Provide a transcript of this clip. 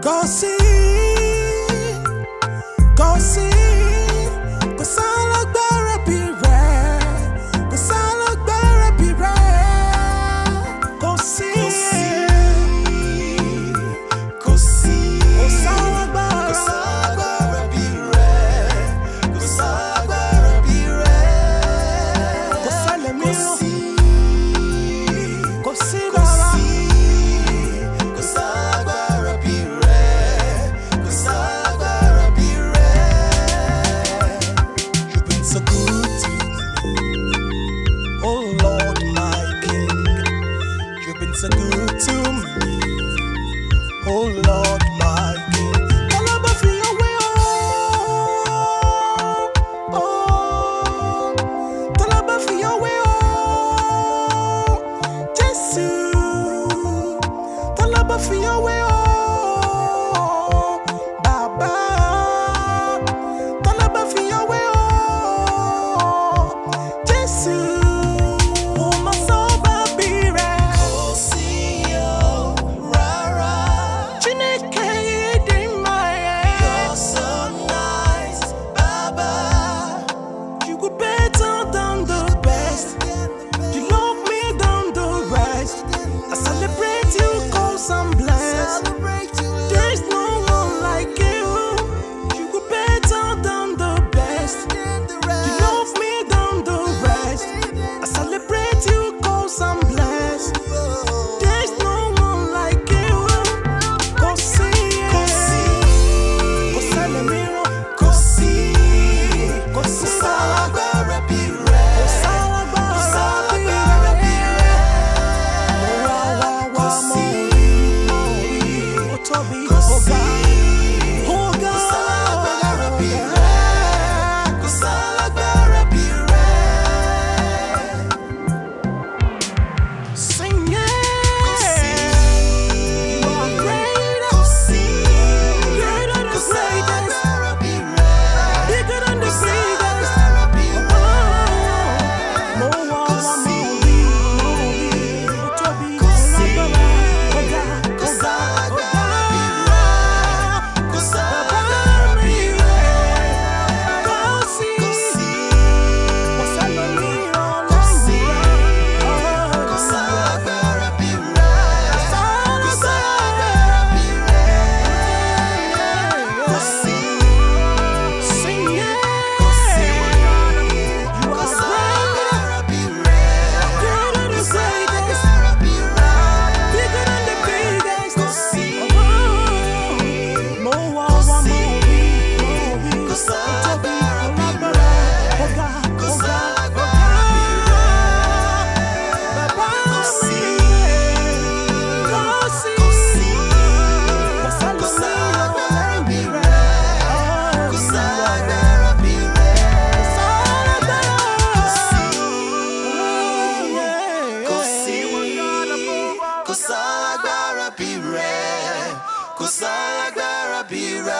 Go see. Oh Lord. causar. kò sálágbára bí rẹ̀ kò sálágbára bí rẹ̀.